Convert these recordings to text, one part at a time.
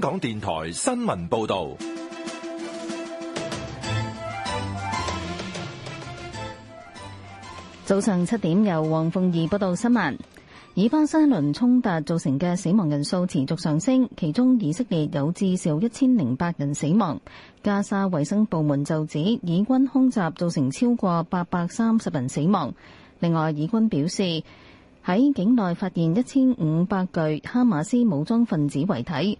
港電台新聞報道：早上七點，由黃鳳儀報道新聞。以巴新一輪衝突造成嘅死亡人數持續上升，其中以色列有至少一千零八人死亡。加沙衛生部門就指，以軍空襲造成超過八百三十人死亡。另外，以軍表示喺境內發現一千五百具哈馬斯武裝分子遺體。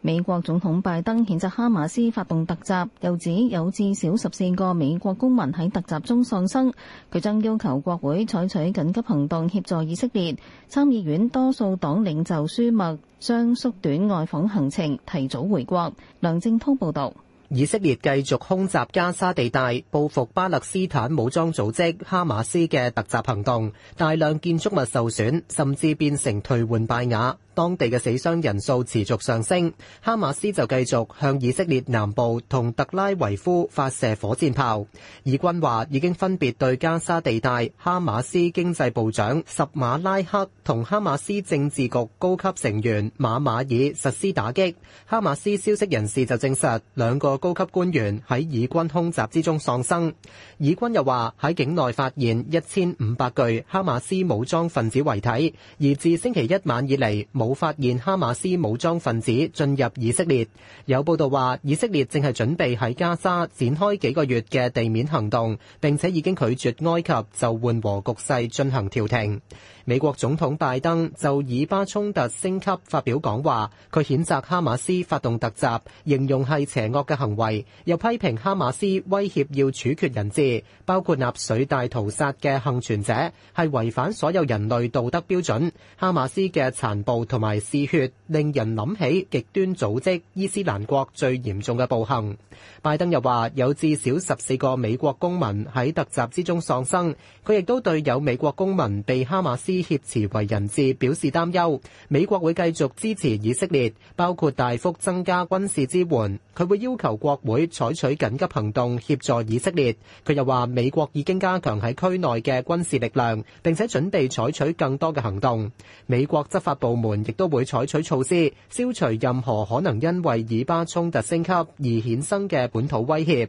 美國總統拜登譴責哈馬斯發動突襲，又指有至少十四個美國公民喺突襲中喪生。佢將要求國會採取緊急行動協助以色列。參議院多數黨領袖舒默將縮短外訪行程，提早回國。梁正滔報道：以色列繼續空襲加沙地帶，報復巴勒斯坦武裝組織哈馬斯嘅突襲行動，大量建築物受損，甚至變成頹垣敗瓦。當地嘅死傷人數持續上升，哈馬斯就繼續向以色列南部同特拉維夫發射火箭炮。以軍話已經分別對加沙地帶哈馬斯經濟部長十馬拉克同哈馬斯政治局高級成員馬馬爾實施打擊。哈馬斯消息人士就證實兩個高級官員喺以軍空襲之中喪生。以軍又話喺境內發現一千五百具哈馬斯武裝分子遺體，而自星期一晚以嚟冇。冇發現哈馬斯武裝分子進入以色列。有報道話，以色列正係準備喺加沙展開幾個月嘅地面行動，並且已經拒絕埃及就緩和局勢進行調停。美國總統拜登就以巴衝突升級發表講話，佢譴責哈馬斯發動突襲，形容係邪惡嘅行為，又批評哈馬斯威脅要處決人質，包括納粹大屠殺嘅幸存者，係違反所有人類道德標準。哈馬斯嘅殘暴同埋嗜血，令人諗起極端組織伊斯蘭國最嚴重嘅暴行。拜登又話有至少十四個美國公民喺突襲之中喪生，佢亦都對有美國公民被哈馬斯挾持為人質表示擔憂，美國會繼續支持以色列，包括大幅增加軍事支援。佢會要求國會採取緊急行動協助以色列。佢又話，美國已經加強喺區內嘅軍事力量，並且準備採取更多嘅行動。美國執法部門亦都會採取措施，消除任何可能因為以巴衝突升級而衍生嘅本土威脅。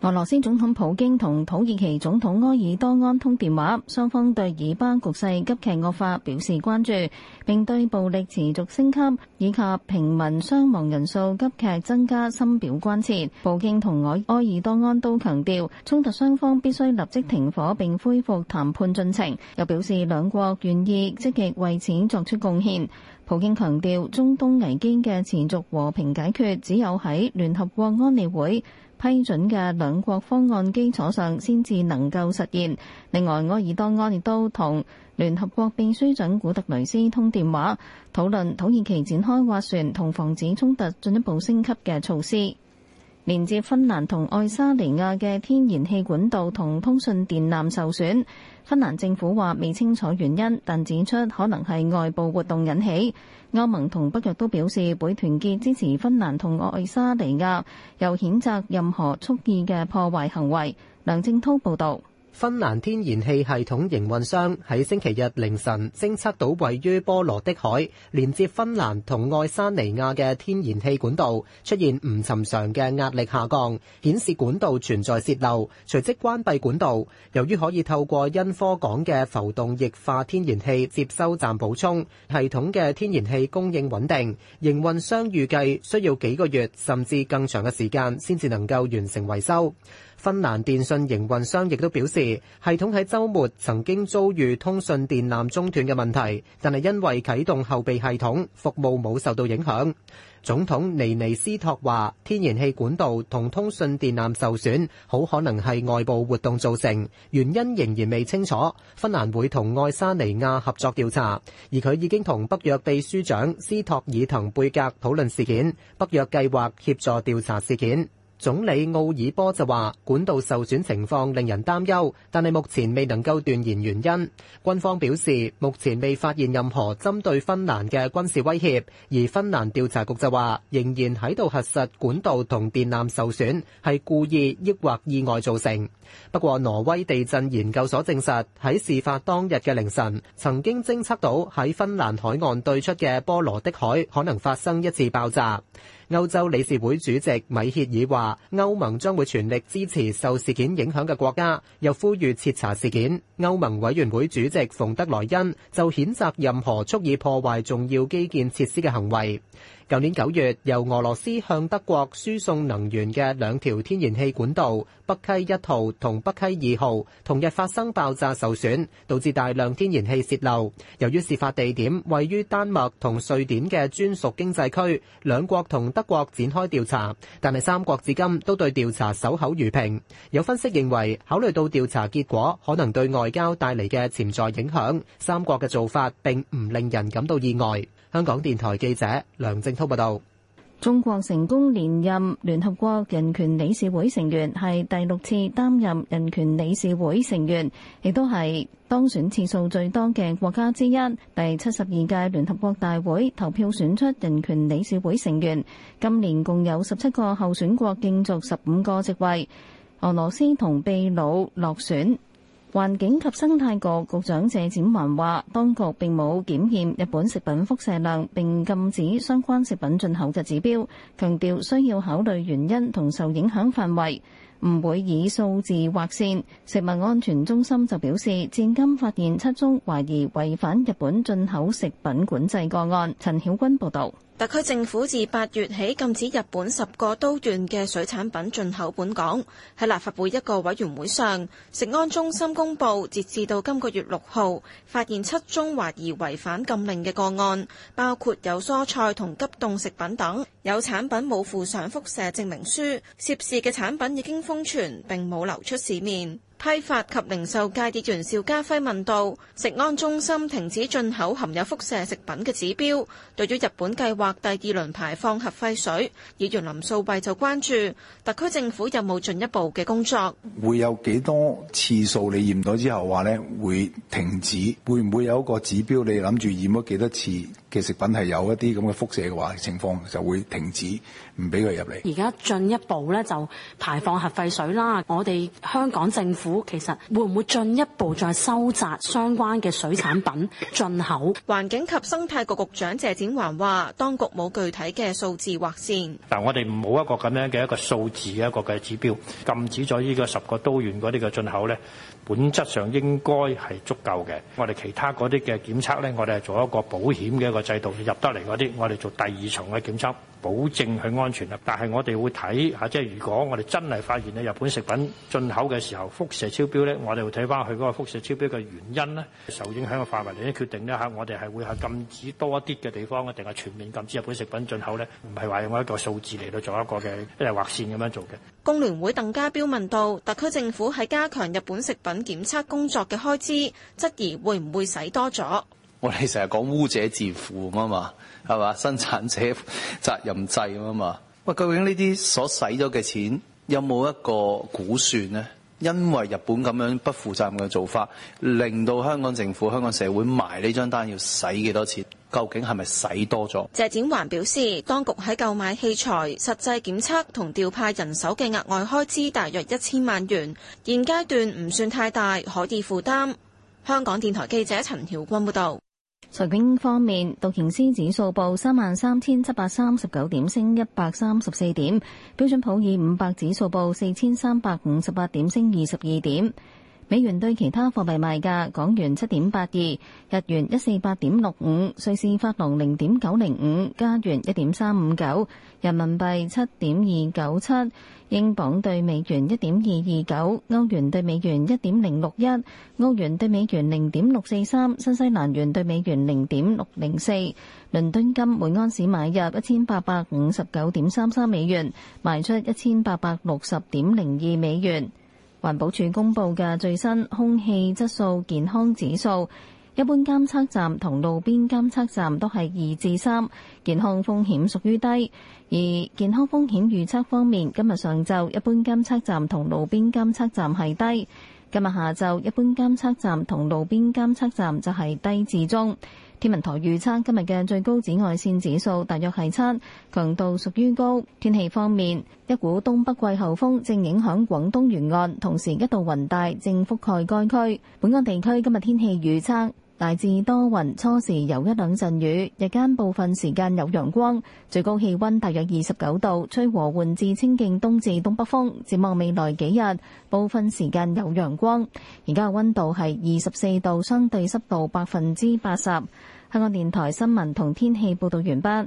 俄羅斯總統普京同土耳其總統埃爾多安通電話，雙方對以巴局勢急劇惡化表示關注，並對暴力持續升級以及平民傷亡人數急劇增加深表關切。普京同埃埃爾多安都強調，衝突雙方必須立即停火並恢復談判進程，又表示兩國願意積極為此作出貢獻。普京強調，中東危機嘅持續和平解決只有喺聯合國安理會。批准嘅兩國方案基礎上，先至能夠實現。另外，愛爾多安亦都同聯合國秘書長古特雷斯通電話，討論土耳其展開斡旋同防止衝突進一步升級嘅措施。連接芬蘭同愛沙尼亞嘅天然氣管道同通訊電纜受損，芬蘭政府話未清楚原因，但指出可能係外部活動引起。歐盟同北約都表示會團結支持芬蘭同愛沙尼亞，又譴責任何蓄意嘅破壞行為。梁正濤報道。芬蘭天然氣系統營運商喺星期日凌晨偵測到位於波羅的海連接芬蘭同愛沙尼亞嘅天然氣管道出現唔尋常嘅壓力下降，顯示管道存在洩漏，隨即關閉管道。由於可以透過因科港嘅浮動液化天然氣接收站補充，系統嘅天然氣供應穩定，營運商預計需要幾個月，甚至更長嘅時間先至能夠完成維修。芬蘭電信營運商亦都表示，系統喺週末曾經遭遇通訊電纜中斷嘅問題，但係因為啟動後備系統，服務冇受到影響。總統尼尼斯托話，天然氣管道同通訊電纜受損，好可能係外部活動造成，原因仍然未清楚。芬蘭會同愛沙尼亞合作調查，而佢已經同北約秘書長斯托爾滕貝格討論事件，北約計劃協助調查事件。總理奧爾波就話管道受損情況令人擔憂，但係目前未能夠斷言原因。軍方表示目前未發現任何針對芬蘭嘅軍事威脅，而芬蘭調查局就話仍然喺度核實管道同電纜受損係故意抑或意外造成。不過挪威地震研究所證實喺事發當日嘅凌晨，曾經偵測到喺芬蘭海岸對出嘅波羅的海可能發生一次爆炸。歐洲理事會主席米歇爾話：歐盟將會全力支持受事件影響嘅國家，又呼籲徹查事件。歐盟委員會主席馮德萊恩就譴責任何蓄意破壞重要基建設施嘅行為。舊年九月，由俄羅斯向德國輸送能源嘅兩條天然氣管道北溪一號同北溪二號，同日發生爆炸受損，導致大量天然氣泄漏。由於事發地點位於丹麥同瑞典嘅專屬經濟區，兩國同德國展開調查，但係三國至今都對調查守口如瓶。有分析認為，考慮到調查結果可能對外交帶嚟嘅潛在影響，三國嘅做法並唔令人感到意外。香港電台記者梁正濤報道。中國成功連任聯合國人權理事會成員，係第六次擔任人權理事會成員，亦都係當選次數最多嘅國家之一。第七十二屆聯合國大會投票選出人權理事會成員，今年共有十七個候選國競逐十五個席位，俄羅斯同秘魯落選。環境及生態局局局長謝展寰話，當局並冇檢驗日本食品輻射量，並禁止相關食品進口嘅指標，強調需要考慮原因同受影響範圍，唔會以數字劃線。食物安全中心就表示，至今發現七宗懷疑違反日本進口食品管制個案。陳曉君報道。特區政府自八月起禁止日本十個都縣嘅水產品進口本港。喺立法會一個委員會上，食安中心公布，截至到今個月六號，發現七宗懷疑違反禁令嘅個案，包括有蔬菜同急凍食品等，有產品冇附上輻射證明書。涉事嘅產品已經封存，並冇流出市面。批發及零售界議員邵家輝問道：食安中心停止進口含有輻射食品嘅指標，對於日本計劃第二輪排放核廢水，議員林素慧就關注特區政府有冇進一步嘅工作，會有幾多次數你驗到之後話呢會停止，會唔會有一個指標你諗住驗咗幾多次？嘅食品係有一啲咁嘅輻射嘅話，情況就會停止，唔俾佢入嚟。而家進一步咧就排放核廢水啦。我哋香港政府其實會唔會進一步再收窄相關嘅水產品進口？環境及生態局局長謝展寰話當局冇具體嘅數字劃線，嗱，我哋冇一個咁樣嘅一個數字一個嘅指標禁止咗呢個十個都縣嗰啲嘅進口咧，本質上應該係足夠嘅。我哋其他嗰啲嘅檢測咧，我哋係做一個保險嘅一個。制度入得嚟嗰啲，我哋做第二重嘅檢測，保證佢安全啦。但係我哋會睇吓，即係如果我哋真係發現咧日本食品進口嘅時候輻射超標咧，我哋會睇翻佢嗰個輻射超標嘅原因咧，受影響嘅範圍嚟決定咧吓，我哋係會係禁止多一啲嘅地方，啊定係全面禁止日本食品進口咧？唔係話用一個數字嚟到做一個嘅即係劃線咁樣做嘅。工聯會鄧家彪問到特區政府喺加強日本食品檢測工作嘅開支，質疑會唔會使多咗？我哋成日講污者自負啊嘛，係嘛生產者責任制啊嘛。喂，究竟呢啲所使咗嘅錢有冇一個估算呢？因為日本咁樣不負責任嘅做法，令到香港政府、香港社會買呢張單要使幾多錢？究竟係咪使多咗？謝展環表示，當局喺購買器材、實際檢測同調派人手嘅額外開支，大約一千萬元，現階段唔算太大，可以負擔。香港電台記者陳曉君報導。財經方面，道瓊斯指數報三萬三千七百三十九點，升一百三十四點；標準普爾五百指數報四千三百五十八點，升二十二點。美元對其他貨幣賣價：港元七點八二，日元一四八點六五，瑞士法郎零點九零五，加元一點三五九，人民幣七點二九七，英鎊對美元一點二二九，歐元對美元一點零六一，澳元對美元零點六四三，新西蘭元對美元零點六零四。倫敦金每盎司買入一千八百五十九點三三美元，賣出一千八百六十點零二美元。環保署公布嘅最新空氣質素健康指數，一般監測站同路邊監測站都係二至三，健康風險屬於低。而健康風險預測方面，今日上晝一般監測站同路邊監測站係低。今日下晝，一般監測站同路邊監測站就係低至中。天文台預測今日嘅最高紫外線指數大約係七，強度屬於高。天氣方面，一股東北季候風正影響廣東沿岸，同時一道雲帶正覆蓋該區。本港地區今日天氣預測。大致多雲，初時有一兩陣雨，日間部分時間有陽光，最高氣溫大約二十九度，吹和緩至清勁東至東北風。展望未來幾日，部分時間有陽光，而家嘅溫度係二十四度，相對濕度百分之八十。香港電台新聞同天氣報道完畢。